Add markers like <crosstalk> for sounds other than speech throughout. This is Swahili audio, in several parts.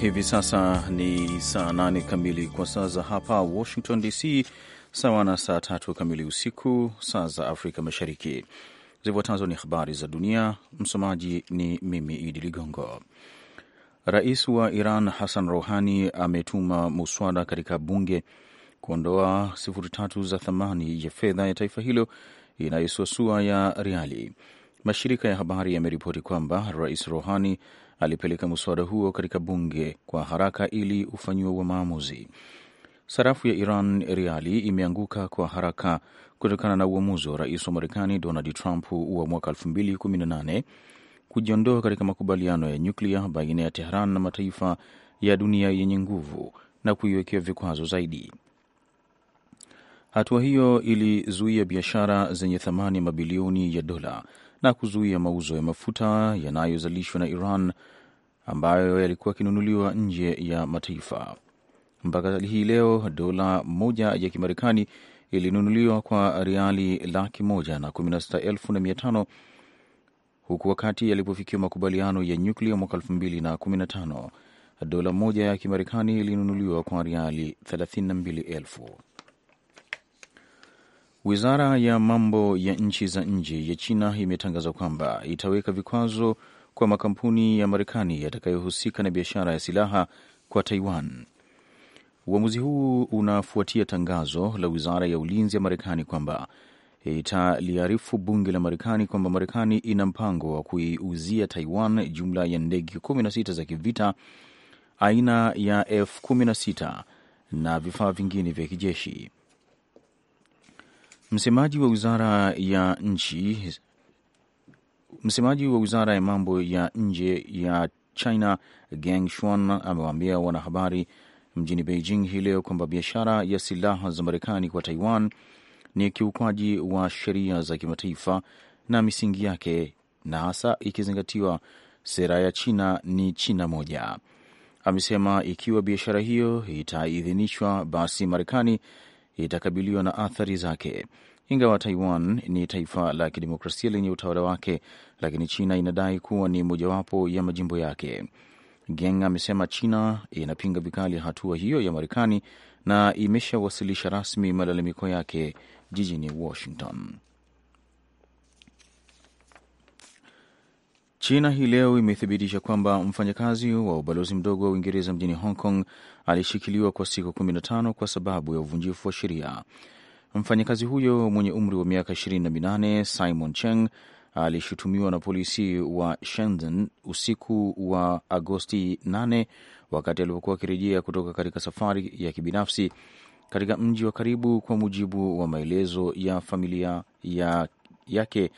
Hivi sasa ni saa nane kamili kwa saa za hapa Washington DC, sawa na saa tatu kamili usiku saa za Afrika Mashariki. Zifuatazo ni habari za dunia, msomaji ni mimi Idi Ligongo. Rais wa Iran Hassan Rouhani ametuma muswada katika bunge kuondoa sifuri tatu za thamani ya fedha ya taifa hilo inayosuasua ya riali. Mashirika ya habari yameripoti kwamba Rais Rouhani alipeleka mswada huo katika bunge kwa haraka ili ufanyiwe maamuzi. Sarafu ya Iran riali imeanguka kwa haraka kutokana na uamuzi wa rais wa Marekani Donald Trump wa mwaka 2018 kujiondoa katika makubaliano ya nyuklia baina ya Tehran na mataifa ya dunia yenye nguvu na kuiwekea vikwazo zaidi. Hatua hiyo ilizuia biashara zenye thamani ya mabilioni ya dola na kuzuia mauzo ya mafuta yanayozalishwa na Iran ambayo yalikuwa yakinunuliwa nje ya mataifa. Mpaka hii leo dola moja ya Kimarekani ilinunuliwa kwa riali laki moja na kumi na sita elfu na mia tano huku wakati yalipofikiwa makubaliano ya nyuklia mwaka elfu mbili na kumi na tano dola moja ya Kimarekani ilinunuliwa kwa riali thelathini na mbili. Wizara ya mambo ya nchi za nje ya China imetangaza kwamba itaweka vikwazo kwa makampuni ya Marekani yatakayohusika na biashara ya silaha kwa Taiwan. Uamuzi huu unafuatia tangazo la wizara ya ulinzi ya Marekani kwamba italiarifu bunge la Marekani kwamba Marekani ina mpango wa kuiuzia Taiwan jumla ya ndege 16 za kivita aina ya F16 na vifaa vingine vya kijeshi. Msemaji wa wizara ya nchi msemaji wa wizara ya mambo ya nje ya China Geng Shuan amewaambia wanahabari mjini Beijing hii leo kwamba biashara ya silaha za Marekani kwa Taiwan ni kiukwaji wa sheria za kimataifa na misingi yake, na hasa ikizingatiwa sera ya China ni China moja. Amesema ikiwa biashara hiyo itaidhinishwa, basi Marekani itakabiliwa na athari zake. Ingawa Taiwan ni taifa la kidemokrasia lenye utawala wake, lakini China inadai kuwa ni mojawapo ya majimbo yake. Geng amesema China inapinga vikali hatua hiyo ya Marekani na imeshawasilisha rasmi malalamiko yake jijini Washington. China hii leo imethibitisha kwamba mfanyakazi wa ubalozi mdogo wa Uingereza mjini Hong Kong alishikiliwa kwa siku 15 kwa sababu ya uvunjifu wa sheria. Mfanyakazi huyo mwenye umri wa miaka 28 Simon Cheng alishutumiwa na polisi wa Shenzhen usiku wa Agosti 8 wakati alipokuwa akirejea kutoka katika safari ya kibinafsi katika mji wa karibu, kwa mujibu wa maelezo ya familia ya yake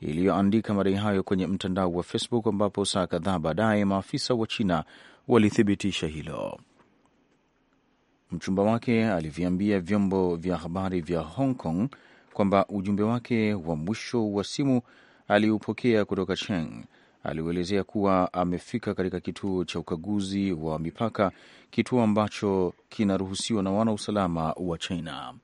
iliyoandika madai hayo kwenye mtandao wa Facebook, ambapo saa kadhaa baadaye maafisa wa China walithibitisha hilo. Mchumba wake aliviambia vyombo vya habari vya Hong Kong kwamba ujumbe wake wa mwisho wa simu aliupokea kutoka Cheng. Aliuelezea kuwa amefika katika kituo cha ukaguzi wa mipaka, kituo ambacho kinaruhusiwa na wanausalama wa China.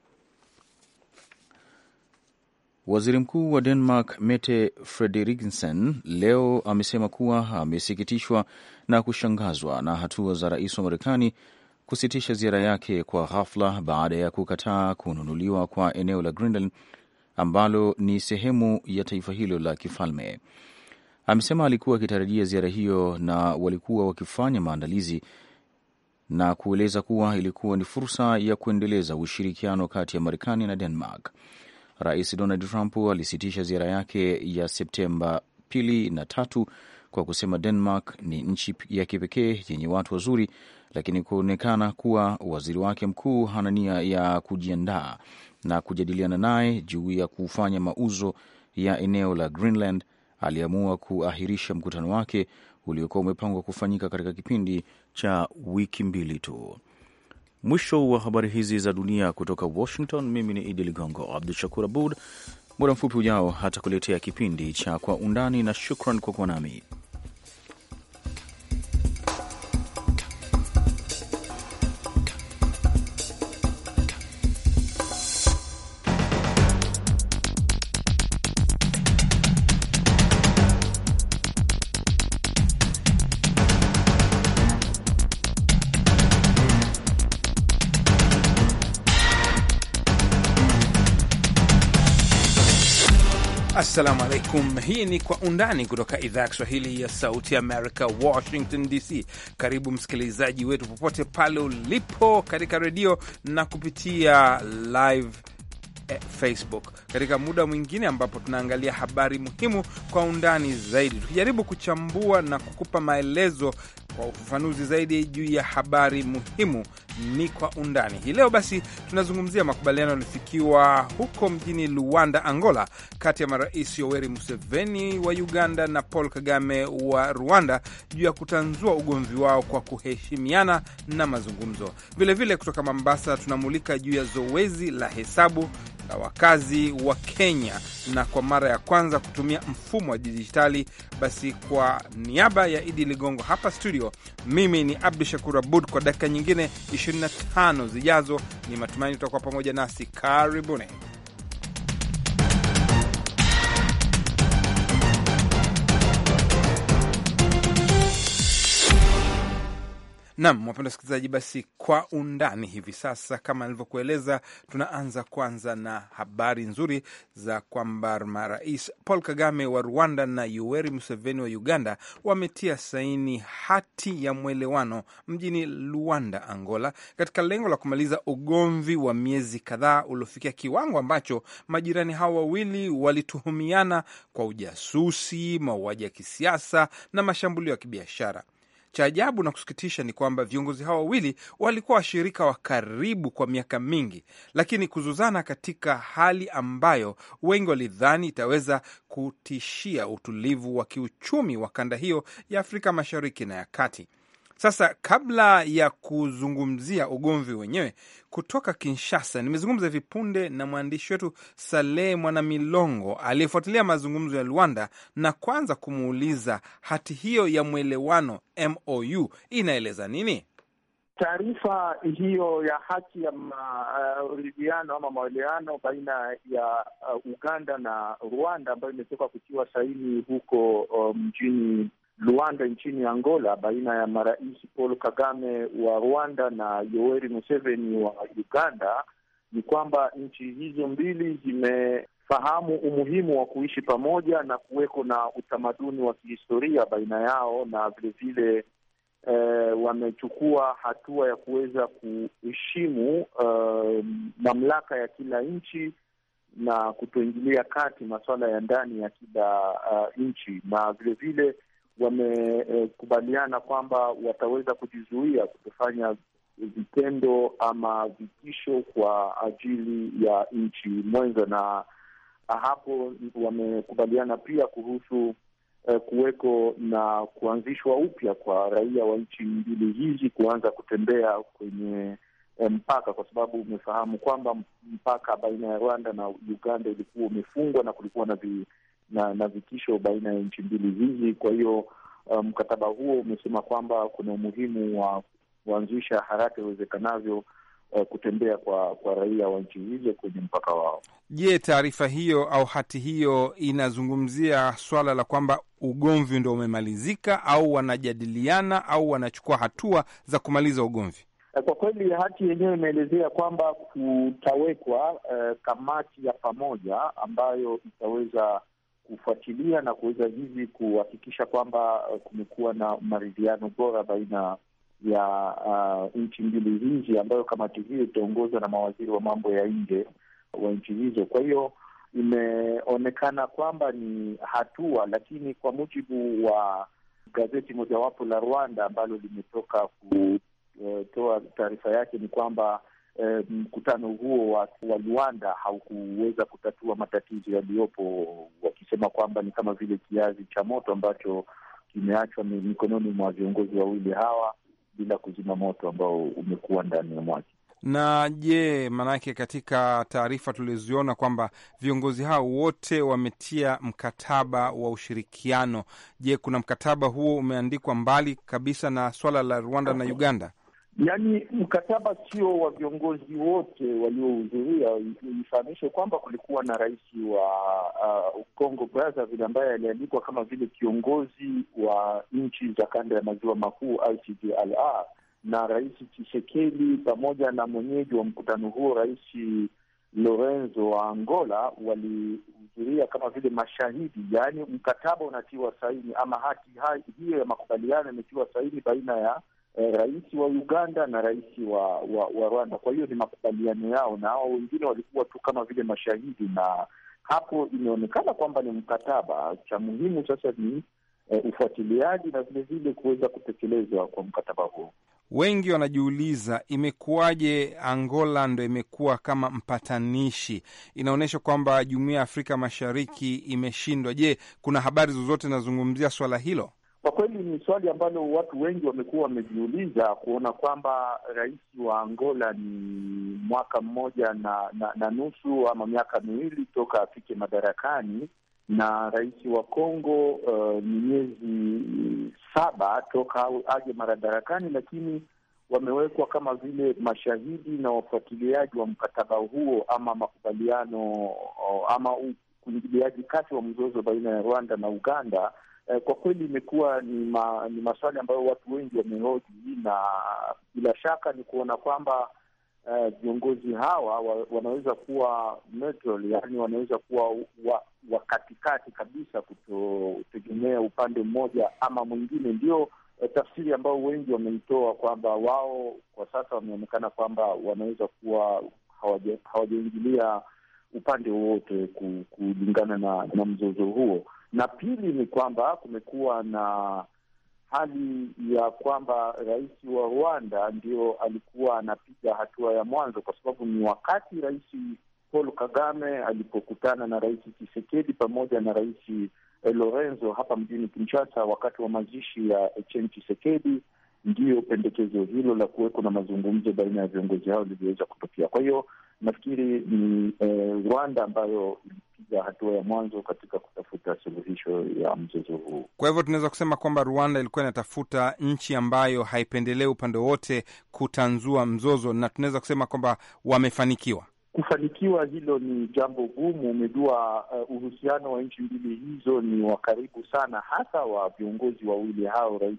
Waziri Mkuu wa Denmark Mette Frederiksen leo amesema kuwa amesikitishwa na kushangazwa na hatua za rais wa Marekani kusitisha ziara yake kwa ghafla baada ya kukataa kununuliwa kwa eneo la Greenland ambalo ni sehemu ya taifa hilo la kifalme. Amesema alikuwa akitarajia ziara hiyo na walikuwa wakifanya maandalizi na kueleza kuwa ilikuwa ni fursa ya kuendeleza ushirikiano kati ya Marekani na Denmark. Rais Donald Trump alisitisha ziara yake ya Septemba pili na tatu kwa kusema Denmark ni nchi ya kipekee yenye watu wazuri lakini kuonekana kuwa waziri wake mkuu hana nia ya kujiandaa na kujadiliana naye juu ya kufanya mauzo ya eneo la Greenland, aliamua kuahirisha mkutano wake uliokuwa umepangwa kufanyika katika kipindi cha wiki mbili tu. Mwisho wa habari hizi za dunia kutoka Washington. Mimi ni Idi Ligongo. Abdu Shakur Abud muda mfupi ujao hatakuletea kipindi cha Kwa Undani, na shukran kwa kuwa nami. alaikum. Hii ni Kwa Undani kutoka idhaa ya Kiswahili ya Sauti Amerika, Washington DC. Karibu msikilizaji wetu popote pale ulipo, katika redio na kupitia live eh, Facebook katika muda mwingine ambapo tunaangalia habari muhimu kwa undani zaidi, tukijaribu kuchambua na kukupa maelezo kwa ufafanuzi zaidi juu ya habari muhimu ni kwa undani hii leo. Basi tunazungumzia makubaliano yaliyofikiwa huko mjini Luanda, Angola, kati ya marais Yoweri Museveni wa Uganda na Paul Kagame wa Rwanda juu ya kutanzua ugomvi wao kwa kuheshimiana na mazungumzo. Vilevile kutoka Mombasa tunamulika juu ya zoezi la hesabu la wakazi wa Kenya, na kwa mara ya kwanza kutumia mfumo wa dijitali. Basi kwa niaba ya Idi Ligongo hapa studio, mimi ni Abdu Shakur Abud. Kwa dakika nyingine 25 zijazo, ni matumaini utakuwa pamoja nasi. Karibuni. Nam, wapenda wasikilizaji, basi kwa undani hivi sasa, kama nilivyokueleza, tunaanza kwanza na habari nzuri za kwamba marais Paul Kagame wa Rwanda na Yoweri Museveni wa Uganda wametia saini hati ya mwelewano mjini Luanda, Angola, katika lengo la kumaliza ugomvi wa miezi kadhaa uliofikia kiwango ambacho majirani hao wawili walituhumiana kwa ujasusi, mauaji ya kisiasa na mashambulio ya kibiashara. Cha ajabu na kusikitisha ni kwamba viongozi hao wawili walikuwa washirika wa karibu kwa miaka mingi, lakini kuzuzana katika hali ambayo wengi walidhani itaweza kutishia utulivu wa kiuchumi wa kanda hiyo ya Afrika Mashariki na ya Kati. Sasa kabla ya kuzungumzia ugomvi wenyewe, kutoka Kinshasa nimezungumza hivi punde na mwandishi wetu Saleh Mwanamilongo aliyefuatilia mazungumzo ya Luanda na kwanza kumuuliza hati hiyo ya mwelewano MOU inaeleza nini? Taarifa hiyo ya hati ya maridhiano uh, ama maelewano baina ya uh, Uganda na Rwanda ambayo imetoka kutiwa saini huko uh, mjini um, Luanda nchini Angola baina ya marais Paul Kagame wa Rwanda na Yoweri Museveni wa Uganda ni kwamba nchi hizo mbili zimefahamu umuhimu wa kuishi pamoja na kuweko na utamaduni wa kihistoria baina yao, na vilevile E, eh, wamechukua hatua ya kuweza kuheshimu eh, mamlaka ya kila nchi na kutoingilia kati masuala ya ndani ya kila uh, nchi na vilevile wamekubaliana kwamba wataweza kujizuia kutofanya vitendo ama vitisho kwa ajili ya nchi mwenza, na hapo wamekubaliana pia kuhusu e, kuweko na kuanzishwa upya kwa raia wa nchi mbili hizi kuanza kutembea kwenye e, mpaka, kwa sababu umefahamu kwamba mpaka baina ya Rwanda na Uganda ilikuwa umefungwa na kulikuwa na vi na, na vitisho baina ya nchi mbili hizi. Kwa hiyo uh, mkataba um, huo umesema kwamba kuna umuhimu wa kuanzisha haraka iwezekanavyo uh, kutembea kwa, kwa raia wa nchi hizo kwenye mpaka wao. Je, taarifa hiyo au hati hiyo inazungumzia swala la kwamba ugomvi ndo umemalizika au wanajadiliana au wanachukua hatua za kumaliza ugomvi? Eh, kwa kweli hati yenyewe imeelezea kwamba kutawekwa uh, kamati ya pamoja ambayo itaweza kufuatilia na kuweza hivi kuhakikisha kwamba uh, kumekuwa na maridhiano bora baina ya uh, nchi mbili hizi, ambayo kamati hiyo itaongozwa na mawaziri wa mambo ya nje wa nchi hizo. Kwa hiyo imeonekana kwamba ni hatua, lakini kwa mujibu wa gazeti mojawapo la Rwanda ambalo limetoka kutoa uh, taarifa yake ni kwamba mkutano eh, mkutano huo wa, wa Luanda haukuweza kutatua matatizo yaliyopo, wakisema kwamba ni kama vile kiazi cha moto ambacho kimeachwa mikononi mwa viongozi wawili hawa bila kuzima moto ambao umekuwa ndani ya mwake na je, maanake katika taarifa tuliziona kwamba viongozi hao wote wametia mkataba wa ushirikiano. Je, kuna mkataba huo umeandikwa mbali kabisa na swala la Rwanda na Uganda? Yaani, mkataba sio wa viongozi wote waliohudhuria. Ifahamishwe kwamba kulikuwa na rais wa uh, Congo Brazzaville ambaye alialikwa kama vile kiongozi wa nchi za kanda ya maziwa makuu ICGLR, na rais chisekeli pamoja na mwenyeji wa mkutano huo rais Lorenzo wa Angola walihudhuria kama vile mashahidi. Yaani, mkataba unatiwa saini ama hati hiyo ya makubaliano imetiwa saini baina ya eh, rais wa Uganda na rais wa, wa, wa Rwanda. Kwa hiyo ni makubaliano yao, na hao wengine walikuwa tu kama vile mashahidi, na hapo imeonekana kwamba ni mkataba. Cha muhimu sasa ni eh, ufuatiliaji na vilevile kuweza kutekelezwa kwa mkataba huo. Wengi wanajiuliza imekuwaje Angola ndo imekuwa kama mpatanishi. Inaonyesha kwamba jumuiya ya Afrika Mashariki imeshindwa. Je, kuna habari zozote zinazungumzia swala hilo? Kwa kweli ni swali ambalo watu wengi wamekuwa wamejiuliza kuona kwamba rais wa Angola ni mwaka mmoja na, na, na nusu ama miaka miwili toka afike madarakani na rais wa Kongo uh, ni miezi saba toka aje madarakani, lakini wamewekwa kama vile mashahidi na wafuatiliaji wa mkataba huo ama makubaliano oh, ama kuingiliaji kati wa mzozo baina ya Rwanda na Uganda eh, kwa kweli imekuwa ni, ma, ni maswali ambayo watu wengi wamehoji, na bila shaka ni kuona kwamba eh, viongozi eh, hawa wa, wanaweza kuwa neutral, yani wanaweza kuwa wa, wa katikati kabisa, kutotegemea upande mmoja ama mwingine. Ndio eh, tafsiri ambayo wengi wameitoa kwamba wao kwa sasa wameonekana kwamba wanaweza kuwa hawajaingilia upande wowote kulingana na, na mzozo huo na pili ni kwamba kumekuwa na hali ya kwamba rais wa Rwanda ndio alikuwa anapiga hatua ya mwanzo, kwa sababu ni wakati rais Paul Kagame alipokutana na rais chisekedi pamoja na rais eh, Lorenzo hapa mjini Kinshasa wakati wa mazishi ya Etienne chisekedi ndiyo pendekezo hilo la kuweko na mazungumzo baina ya viongozi hao liliweza kutokea. Kwa hiyo nafikiri ni eh, Rwanda ambayo ilipiga hatua ya mwanzo katika katika suluhisho ya mzozo huu. Kwa hivyo tunaweza kusema kwamba Rwanda ilikuwa inatafuta nchi ambayo haipendelei upande wote kutanzua mzozo, na tunaweza kusema kwamba wamefanikiwa. Kufanikiwa hilo ni jambo gumu. Umejua, uh, uhusiano wa nchi mbili hizo ni wa karibu sana, hasa wa viongozi wawili hao, Rais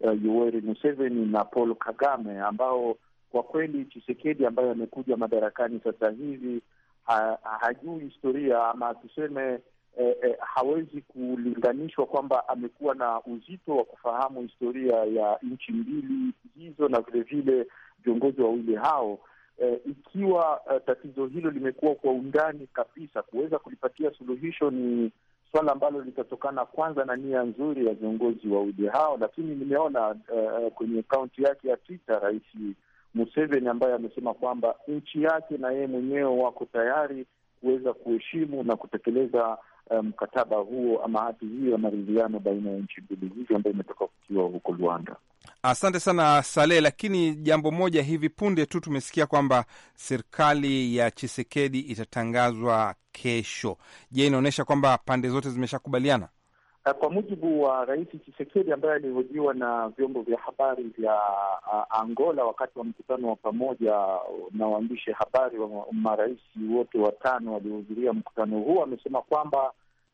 uh, Yoweri Museveni na Paul Kagame, ambao kwa kweli chisekedi ambaye amekuja madarakani sasa hivi ha, hajui historia ama tuseme eh, eh, hawezi kulinganishwa kwamba amekuwa na uzito wa kufahamu historia ya nchi mbili hizo na vilevile viongozi wawili hao. Eh, ikiwa eh, tatizo hilo limekuwa kwa undani kabisa, kuweza kulipatia suluhisho ni swala ambalo litatokana kwanza na nia nzuri ya viongozi wawili hao. Lakini nimeona eh, eh kwenye akaunti yake ya Twitter Rais Museveni ambaye amesema kwamba nchi yake na yeye mwenyewe wako tayari kuweza kuheshimu na kutekeleza Eh, mkataba um, huo ama hati hiyo ya maridhiano baina ya nchi mbili hizo ambayo imetoka kutiwa huko Luanda. Asante sana Saleh, lakini jambo moja, hivi punde tu tumesikia kwamba serikali ya Chisekedi itatangazwa kesho. Je, inaonyesha kwamba pande zote zimeshakubaliana? Eh, kwa mujibu wa Rais chisekedi ambaye alihojiwa na vyombo vya habari vya Angola wakati wa mkutano wa pamoja na waandishi habari wa marais wote watano waliohudhuria mkutano huo, amesema kwamba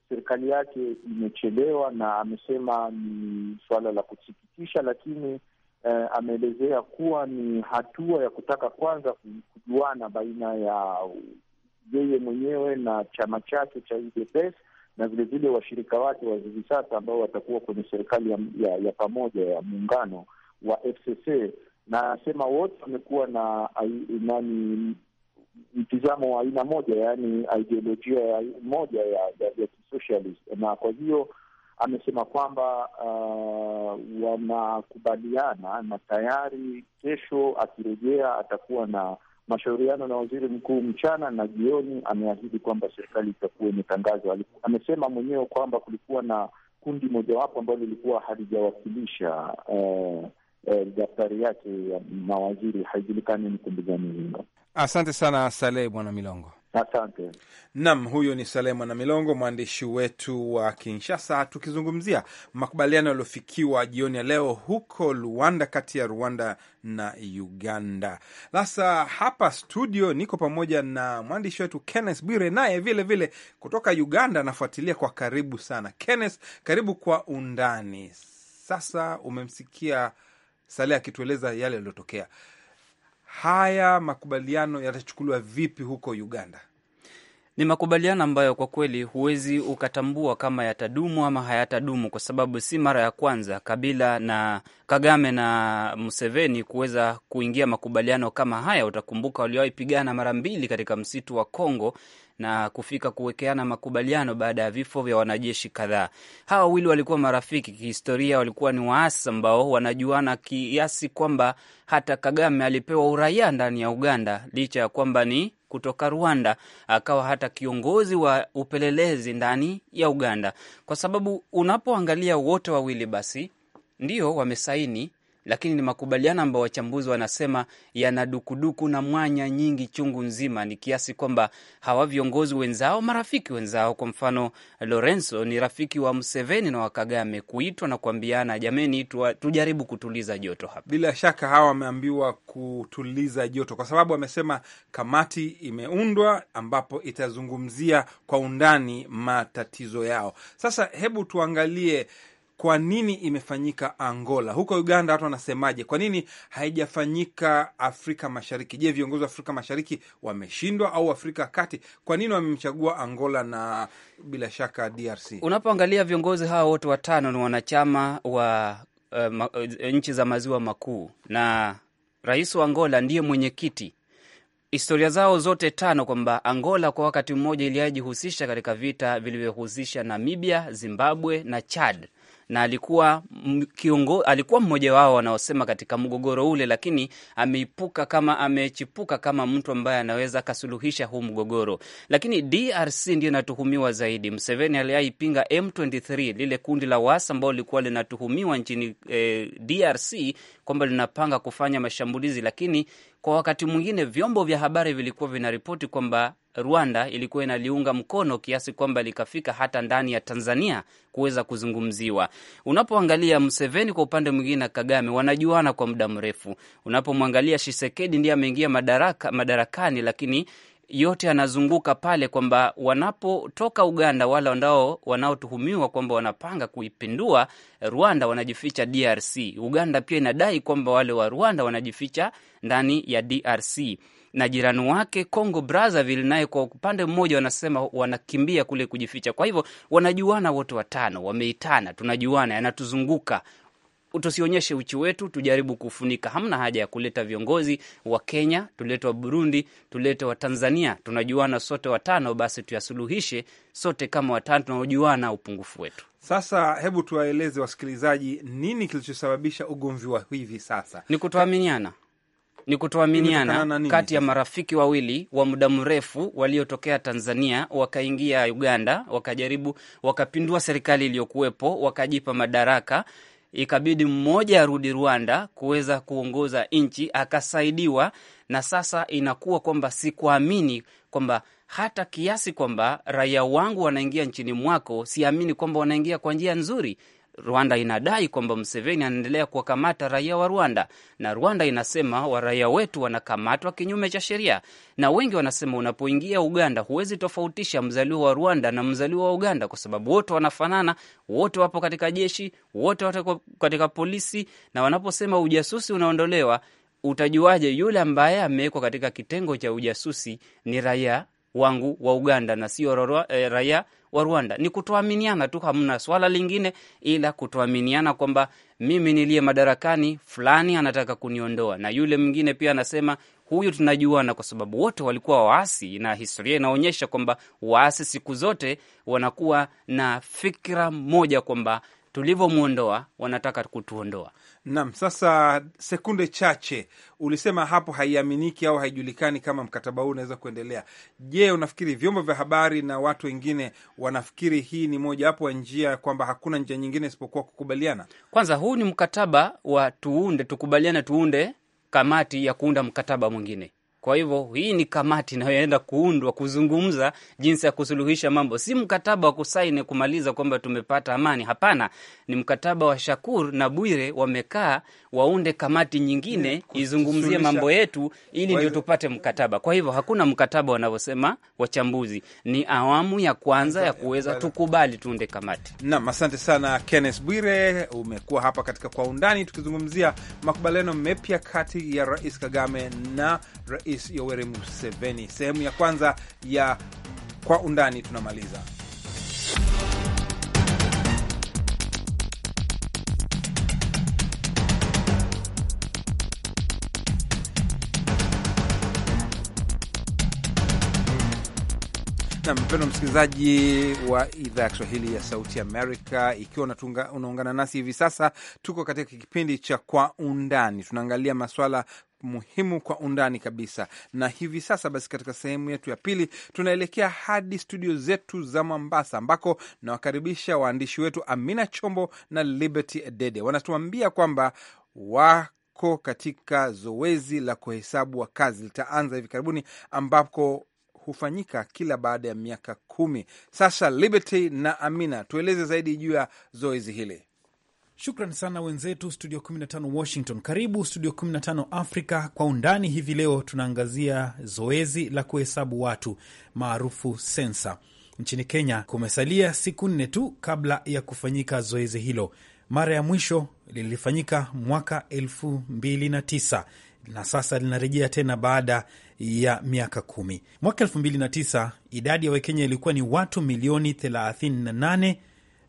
serikali yake imechelewa, na amesema ni suala la kusikitisha, lakini eh, ameelezea kuwa ni hatua ya kutaka kwanza kujuana baina ya yeye mwenyewe na chama chake cha UDPS na vilevile washirika wake wa hivi sasa ambao watakuwa kwenye serikali ya, ya, ya pamoja ya muungano wa FCC na sema wote wamekuwa na nani mtizamo wa aina moja, yaani ideolojia ya moja ya, ya, ya kisocialist, na kwa hiyo amesema kwamba uh, wanakubaliana na tayari kesho akirejea atakuwa na mashauriano na waziri mkuu mchana na jioni, ameahidi kwamba serikali itakuwa imetangazwa. Amesema mwenyewe kwamba kulikuwa na kundi mojawapo ambalo lilikuwa halijawakilisha eh, eh, daftari yake ya mawaziri, haijulikani ni kundi gani hilo. Asante sana Saleh Bwana Milongo. Asante. Naam, huyo ni Saleh Mwanamilongo, mwandishi wetu wa Kinshasa, tukizungumzia makubaliano yaliyofikiwa jioni ya leo huko Luanda, kati ya Rwanda na Uganda. Sasa hapa studio niko pamoja na mwandishi wetu Kenneth Bwire, naye vilevile kutoka Uganda, anafuatilia kwa karibu sana. Kenneth, karibu kwa undani. Sasa umemsikia Saleh akitueleza yale yaliyotokea haya makubaliano yatachukuliwa vipi huko Uganda? Ni makubaliano ambayo kwa kweli huwezi ukatambua kama yatadumu ama hayatadumu, kwa sababu si mara ya kwanza Kabila na Kagame na Museveni kuweza kuingia makubaliano kama haya. Utakumbuka waliwahi pigana mara mbili katika msitu wa Kongo na kufika kuwekeana makubaliano baada ya vifo vya wanajeshi kadhaa. Hawa wawili walikuwa marafiki kihistoria, walikuwa ni waasi ambao wanajuana kiasi kwamba hata Kagame alipewa uraia ndani ya Uganda licha ya kwamba ni kutoka Rwanda, akawa hata kiongozi wa upelelezi ndani ya Uganda, kwa sababu unapoangalia wote wawili basi ndio wamesaini lakini ni makubaliano ambayo wachambuzi wanasema yana dukuduku na mwanya nyingi chungu nzima, ni kiasi kwamba hawa viongozi wenzao, marafiki wenzao, kwa mfano Lorenzo ni rafiki wa mseveni na wakagame kuitwa na kuambiana jameni, tujaribu kutuliza joto hapa. Bila shaka hawa wameambiwa kutuliza joto, kwa sababu wamesema kamati imeundwa ambapo itazungumzia kwa undani matatizo yao. Sasa hebu tuangalie kwa nini imefanyika Angola? Huko Uganda watu wanasemaje? Kwa nini haijafanyika Afrika Mashariki? Je, viongozi wa Afrika Mashariki wameshindwa au Afrika Kati? Kwa nini wamemchagua Angola na bila shaka DRC? Unapoangalia viongozi hawa wote watano ni wanachama wa uh, nchi za maziwa makuu na rais wa Angola ndiye mwenyekiti. Historia zao zote tano, kwamba Angola kwa wakati mmoja ilijihusisha katika vita vilivyohusisha Namibia, Zimbabwe na Chad na alikuwa kiongo, alikuwa mmoja wao wanaosema katika mgogoro ule, lakini ameipuka kama amechipuka kama mtu ambaye anaweza akasuluhisha huu mgogoro. Lakini DRC ndio inatuhumiwa zaidi. Mseveni aliaipinga M23, lile kundi la wasi ambao lilikuwa linatuhumiwa nchini eh, DRC kwamba linapanga kufanya mashambulizi, lakini kwa wakati mwingine vyombo vya habari vilikuwa vinaripoti kwamba Rwanda ilikuwa inaliunga mkono kiasi kwamba likafika hata ndani ya Tanzania kuweza kuzungumziwa. Unapoangalia Museveni kwa upande mwingine na Kagame wanajuana kwa muda mrefu. Unapomwangalia Shisekedi ndiye ameingia madaraka, madarakani lakini yote yanazunguka pale kwamba wanapotoka Uganda wale ndao wanaotuhumiwa kwamba wanapanga kuipindua Rwanda wanajificha DRC. Uganda pia inadai kwamba wale wa Rwanda wanajificha ndani ya DRC na jirani wake Congo Brazzaville naye kwa upande mmoja wanasema wanakimbia kule kujificha. Kwa hivyo wanajuana wote watano, wameitana, tunajuana, yanatuzunguka tusionyeshe uchi wetu, tujaribu kufunika. Hamna haja ya kuleta viongozi wa Kenya, tulete wa Burundi, tulete wa Tanzania, tunajuana sote watano, basi tuyasuluhishe sote kama watano tunaojuana upungufu wetu. Sasa hebu tuwaeleze wasikilizaji nini kilichosababisha ugomvi wa hivi sasa. Ni kutoaminiana ni kutoaminiana kati ya marafiki wawili wa muda mrefu waliotokea Tanzania wakaingia Uganda, wakajaribu wakapindua serikali iliyokuwepo, wakajipa madaraka ikabidi mmoja arudi Rwanda kuweza kuongoza nchi, akasaidiwa. Na sasa inakuwa kwamba sikuamini kwamba hata kiasi kwamba raia wangu wanaingia nchini mwako, siamini kwamba wanaingia kwa njia nzuri, Rwanda inadai kwamba mseveni anaendelea kuwakamata raia wa Rwanda, na Rwanda inasema waraia wetu wanakamatwa kinyume cha sheria, na wengi wanasema unapoingia Uganda huwezi tofautisha mzaliwa wa Rwanda na mzaliwa wa Uganda kwa sababu wote wanafanana, wote wapo katika jeshi, wote wapo katika polisi, na wanaposema ujasusi unaondolewa, utajuaje yule ambaye amewekwa katika kitengo cha ujasusi ni raia wangu wa Uganda na sio eh, raia wa Rwanda. Ni kutoaminiana tu, hamna swala lingine ila kutoaminiana kwamba mimi niliye madarakani fulani anataka kuniondoa na yule mwingine pia anasema huyu tunajuana, kwa sababu wote walikuwa waasi, na historia inaonyesha kwamba waasi siku zote wanakuwa na fikra moja kwamba tulivyomwondoa wanataka kutuondoa. Naam, sasa sekunde chache ulisema hapo, haiaminiki au haijulikani kama mkataba huu unaweza kuendelea. Je, unafikiri vyombo vya habari na watu wengine wanafikiri hii ni mojawapo ya njia, kwamba hakuna njia nyingine isipokuwa kukubaliana? Kwanza, huu ni mkataba wa tuunde, tukubaliane, tuunde kamati ya kuunda mkataba mwingine kwa hivyo hii ni kamati inayoenda kuundwa kuzungumza jinsi ya kusuluhisha mambo, si mkataba wa kusaini kumaliza kwamba tumepata amani. Hapana, ni mkataba wa Shakur na Bwire wamekaa waunde kamati nyingine izungumzie mambo yetu, ili ndio tupate mkataba. Kwa hivyo hakuna mkataba wanavyosema wachambuzi, ni awamu ya kwanza ya kuweza tukubali tuunde kamati. Naam, asante sana Kenneth Bwire, umekuwa hapa katika Kwa Undani tukizungumzia makubaliano mepya kati ya Rais Kagame na Rais Rais Yoweri Museveni. Sehemu ya kwanza ya Kwa Undani tunamaliza. na mpendo msikilizaji wa idhaa ya Kiswahili ya Sauti Amerika, ikiwa unaungana nasi hivi sasa, tuko katika kipindi cha Kwa Undani. Tunaangalia maswala muhimu kwa undani kabisa. Na hivi sasa basi, katika sehemu yetu ya pili tunaelekea hadi studio zetu za Mombasa, ambako nawakaribisha waandishi wetu Amina Chombo na Liberty Edede. Wanatuambia kwamba wa ko katika zoezi la kuhesabu wakazi litaanza hivi karibuni, ambako hufanyika kila baada ya miaka kumi. Sasa Liberty na Amina, tueleze zaidi juu ya zoezi hili. Shukran sana wenzetu studio 15 Washington. Karibu studio 15 africa kwa undani. Hivi leo tunaangazia zoezi la kuhesabu watu maarufu sensa nchini Kenya. Kumesalia siku nne tu kabla ya kufanyika zoezi hilo. Mara ya mwisho lilifanyika mwaka 2009 na sasa linarejea tena baada ya miaka kumi. Mwaka 2009 idadi ya Wakenya ilikuwa ni watu milioni 38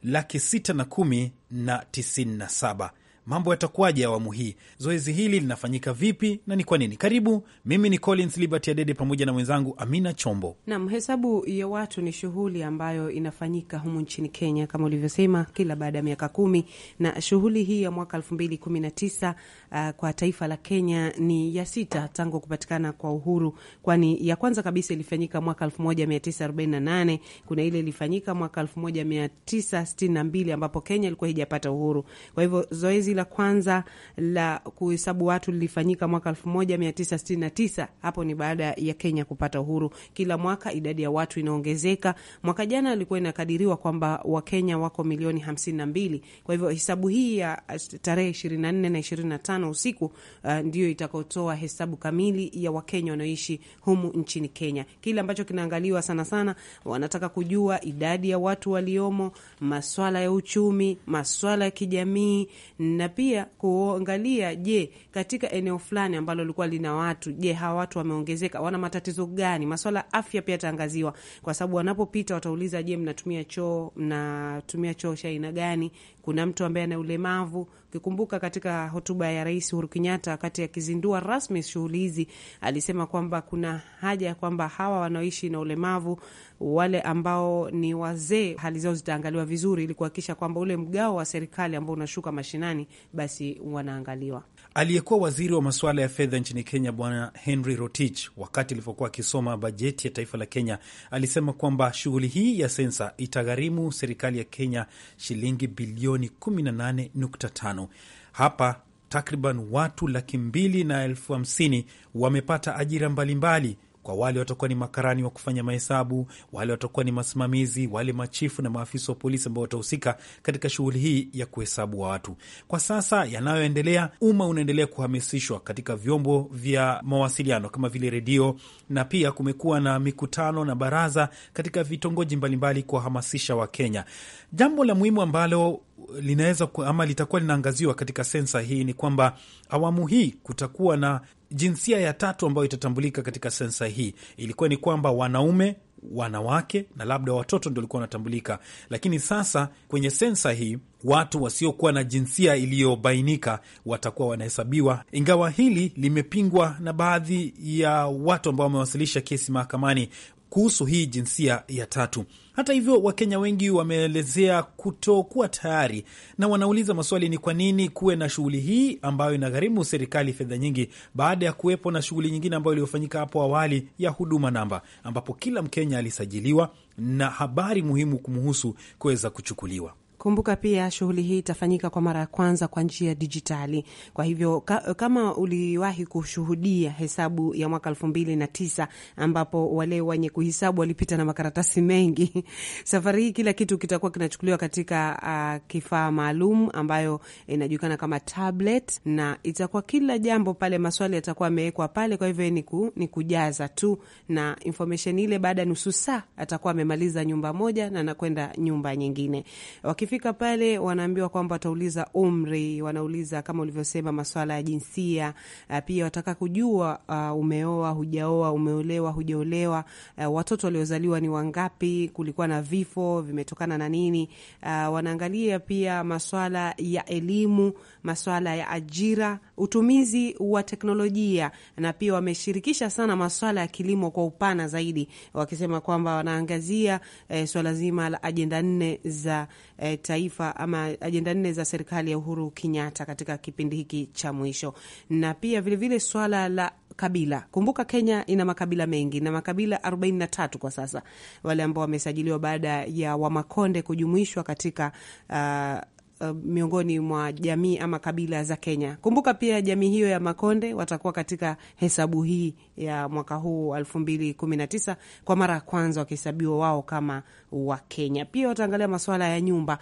laki sita na kumi na tisini na saba mambo yatakuwaje awamu hii, zoezi hili linafanyika vipi na ni kwa nini? Karibu. Mimi ni Collins Liberty Adede pamoja na mwenzangu Amina Chombo. Nam, hesabu ya watu ni shughuli ambayo inafanyika humu nchini Kenya kama ulivyosema, kila baada ya miaka kumi, na shughuli hii ya mwaka elfu mbili kumi na tisa uh, kwa taifa la Kenya ni ya sita tangu kupatikana kwa uhuru, kwani ya kwanza kabisa ilifanyika mwaka elfu moja mia tisa arobaini na nane. kuna ile ilifanyika mwaka elfu moja mia tisa sitini na mbili ambapo Kenya ilikuwa hijapata uhuru. Kwa hivyo zoezi la kwanza la kuhesabu watu lilifanyika mwaka 1969. Hapo ni baada ya Kenya kupata uhuru. Kila mwaka idadi ya watu inaongezeka. Mwaka jana ilikuwa inakadiriwa kwamba Wakenya wako milioni 52. Kwa hivyo hesabu hii ya tarehe 24 na 25 usiku uh, ndio itakaotoa hesabu kamili ya Wakenya wanaoishi humu nchini Kenya. Kile ambacho kinaangaliwa sana sana, wanataka kujua idadi ya watu waliomo, maswala ya uchumi, maswala ya kijamii na na pia kuangalia, je, katika eneo fulani ambalo lilikuwa lina watu, je, hawa watu wameongezeka, wana matatizo gani? Maswala afya pia yataangaziwa, kwa sababu wanapopita watauliza, je, mnatumia choo, mnatumia choo cha aina gani? kuna mtu ambaye ana ulemavu. Ukikumbuka katika hotuba ya Rais Uhuru Kenyatta wakati akizindua rasmi shughuli hizi, alisema kwamba kuna haja ya kwamba hawa wanaoishi na ulemavu, wale ambao ni wazee, hali zao zitaangaliwa vizuri, ili kuhakikisha kwamba ule mgao wa serikali ambao unashuka mashinani, basi wanaangaliwa. Aliyekuwa waziri wa masuala ya fedha nchini Kenya Bwana Henry Rotich, wakati alipokuwa akisoma bajeti ya taifa la Kenya, alisema kwamba shughuli hii ya sensa itagharimu serikali ya Kenya shilingi bilioni 18.5. Hapa takriban watu laki mbili na elfu hamsini wamepata ajira mbalimbali mbali, kwa wale watakuwa ni makarani wa kufanya mahesabu, wale watakuwa ni masimamizi, wale machifu na maafisa wa polisi ambao watahusika katika shughuli hii ya kuhesabu wa watu. Kwa sasa yanayoendelea, umma unaendelea kuhamisishwa katika vyombo vya mawasiliano kama vile redio, na pia kumekuwa na mikutano na baraza katika vitongoji mbalimbali kuwahamasisha Wakenya. Jambo la muhimu ambalo linaweza ama litakuwa linaangaziwa katika sensa hii ni kwamba awamu hii kutakuwa na jinsia ya tatu ambayo itatambulika katika sensa hii ilikuwa ni kwamba wanaume, wanawake na labda watoto ndio walikuwa wanatambulika, lakini sasa kwenye sensa hii watu wasiokuwa na jinsia iliyobainika watakuwa wanahesabiwa, ingawa hili limepingwa na baadhi ya watu ambao wamewasilisha kesi mahakamani kuhusu hii jinsia ya tatu. Hata hivyo, Wakenya wengi wameelezea kutokuwa tayari na wanauliza maswali, ni kwa nini kuwe na shughuli hii ambayo inagharimu serikali fedha nyingi baada ya kuwepo na shughuli nyingine ambayo iliyofanyika hapo awali ya huduma namba, ambapo kila Mkenya alisajiliwa na habari muhimu kumhusu kuweza kuchukuliwa. Kumbuka pia shughuli hii itafanyika kwa mara ya kwanza kwa njia ya dijitali. Kwa hivyo ka, kama uliwahi kushuhudia hesabu ya mwaka elfu mbili na tisa ambapo wale wenye kuhisabu walipita na makaratasi mengi, <laughs> safari hii kila kitu kitakuwa kinachukuliwa katika uh, kifaa maalum ambayo inajulikana kama tablet, na itakuwa kila jambo pale, maswali yatakuwa amewekwa pale. Kwa hivyo ni, ku, ni kujaza tu na information ile. Baada ya nusu saa atakuwa amemaliza nyumba moja na anakwenda nyumba nyingine wakifika Wanapofika pale wanaambiwa kwamba watauliza umri, wanauliza kama ulivyosema maswala ya jinsia. Eh, pia wataka kujua uh, umeoa, hujaoa, umeolewa, hujaolewa, uh, watoto waliozaliwa ni wangapi, kulikuwa na vifo vimetokana na nini. Uh, wanaangalia pia maswala ya elimu, maswala ya ajira, utumizi wa teknolojia, na pia wameshirikisha sana maswala ya kilimo kwa upana zaidi, wakisema kwamba wanaangazia eh, swala zima la ajenda nne za eh, taifa ama ajenda nne za serikali ya Uhuru Kenyatta katika kipindi hiki cha mwisho, na pia vilevile vile swala la kabila. Kumbuka Kenya ina makabila mengi na makabila 43 kwa sasa, wale ambao wamesajiliwa baada ya Wamakonde kujumuishwa katika uh, uh, miongoni mwa jamii ama kabila za Kenya. Kumbuka pia jamii hiyo ya Makonde watakuwa katika hesabu hii ya mwaka huu elfu mbili kumi na tisa kwa mara ya kwanza wakihesabiwa wao kama Wakenya. Pia wataangalia masuala ya nyumba.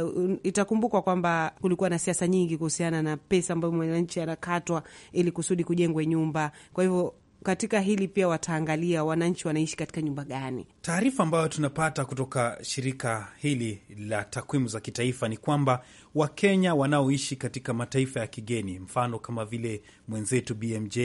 Uh, itakumbukwa kwamba kulikuwa na siasa nyingi kuhusiana na pesa ambayo mwananchi anakatwa ili kusudi kujengwe nyumba. Kwa hivyo katika hili pia wataangalia wananchi wanaishi katika nyumba gani. Taarifa ambayo tunapata kutoka shirika hili la takwimu za kitaifa ni kwamba Wakenya wanaoishi katika mataifa ya kigeni, mfano kama vile mwenzetu BMJ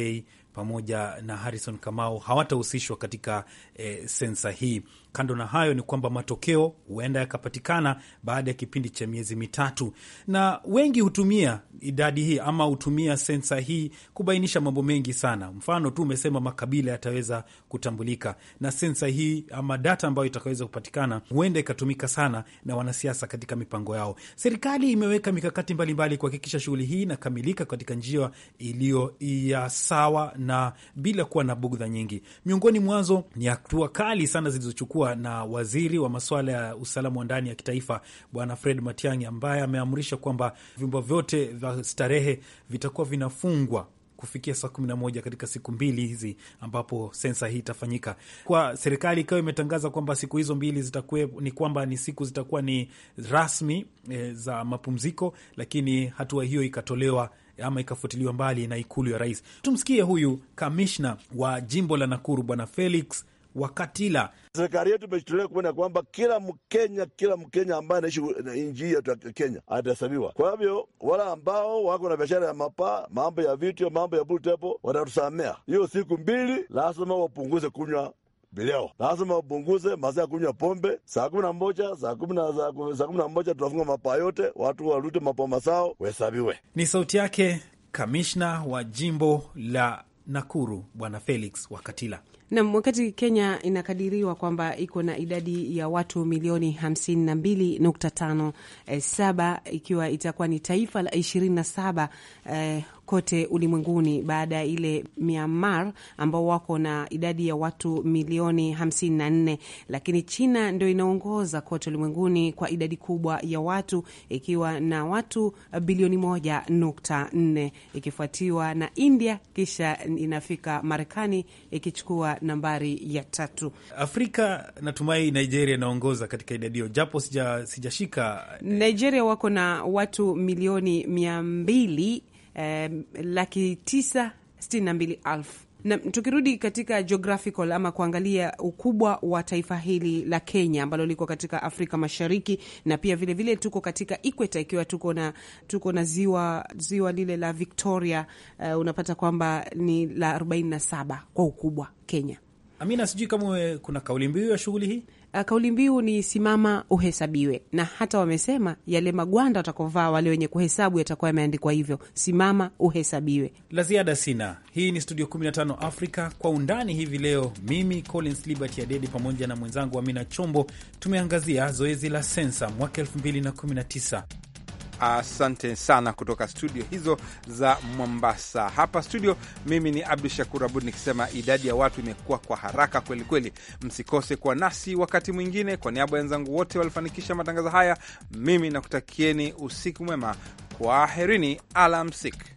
pamoja na Harrison Kamau hawatahusishwa katika e, sensa hii Kando na hayo ni kwamba matokeo huenda yakapatikana baada ya kipindi cha miezi mitatu, na wengi hutumia idadi hii ama hutumia sensa hii kubainisha mambo mengi sana. Mfano tu umesema makabila yataweza kutambulika, na sensa hii ama data ambayo itakaweza kupatikana huenda ikatumika sana na wanasiasa katika mipango yao. Serikali imeweka mikakati mbalimbali kuhakikisha shughuli hii inakamilika katika njia iliyo ya sawa na bila kuwa na bugdha nyingi. Miongoni mwazo ni hatua kali sana zilizochukua kuwa na waziri wa masuala ya usalama wa ndani ya kitaifa Bwana Fred Matiang'i, ambaye ameamrisha kwamba vyumba vyote vya starehe vitakuwa vinafungwa kufikia saa kumi na moja katika siku mbili hizi ambapo sensa hii itafanyika. Kwa serikali ikawa imetangaza kwamba siku hizo mbili zitakuwa ni kwamba ni siku zitakuwa ni rasmi e, za mapumziko, lakini hatua hiyo ikatolewa ama ikafutiliwa mbali na ikulu ya rais. Tumsikie huyu kamishna wa jimbo la Nakuru Bwana Felix wa Katila. Serikali yetu imejitolea kuona kwamba kila Mkenya, kila Mkenya ambaye anaishi nchi hii yetu ya Kenya atahesabiwa. Kwa hivyo wale ambao wako na biashara ya mapaa, mambo ya vitio, mambo ya bultepo, watatusamea hiyo siku mbili. Lazima wapunguze kunywa bileo lazima wapunguze masaa ya kunywa pombe. Saa kumi na moja saa kumi na moja tunafunga mapaa yote, watu warute mapoma masao, wahesabiwe. Ni sauti yake kamishna wa jimbo la Nakuru Bwana Felix Wakatila. Nam, wakati Kenya inakadiriwa kwamba iko na idadi ya watu milioni 52.57 eh, ikiwa itakuwa ni taifa la 27 eh, kote ulimwenguni baada ya ile Myanmar ambao wako na idadi ya watu milioni 54, lakini China ndio inaongoza kote ulimwenguni kwa idadi kubwa ya watu ikiwa na watu bilioni 1.4 ikifuatiwa na India, kisha inafika Marekani ikichukua nambari ya tatu. Afrika natumai Nigeria inaongoza katika idadi hiyo, japo sijashika sija eh, Nigeria wako na watu milioni mia mbili laki tisa sitini na mbili elfu na tukirudi katika geographical ama kuangalia ukubwa wa taifa hili la Kenya ambalo liko katika Afrika Mashariki, na pia vilevile vile tuko katika ikweta, ikiwa tuko na, tuko na ziwa, ziwa lile la Victoria. Uh, unapata kwamba ni la 47 kwa ukubwa Kenya. Amina, sijui kama kuna kauli mbiu ya shughuli hii. Eh, kauli mbiu ni simama uhesabiwe, na hata wamesema yale magwanda watakovaa wale wenye kuhesabu yatakuwa yameandikwa hivyo, simama uhesabiwe. La ziada sina. Hii ni Studio 15 Africa kwa undani hivi leo. Mimi Collins Liberty Adedi pamoja na mwenzangu Amina Chombo tumeangazia zoezi la sensa mwaka 2019 Asante sana kutoka studio hizo za Mombasa. Hapa studio, mimi ni Abdu Shakur Abud nikisema idadi ya watu imekuwa kwa haraka kwelikweli. Msikose kuwa nasi wakati mwingine. Kwa niaba ya wenzangu wote walifanikisha matangazo haya, mimi nakutakieni usiku mwema. Kwaherini, alamsik.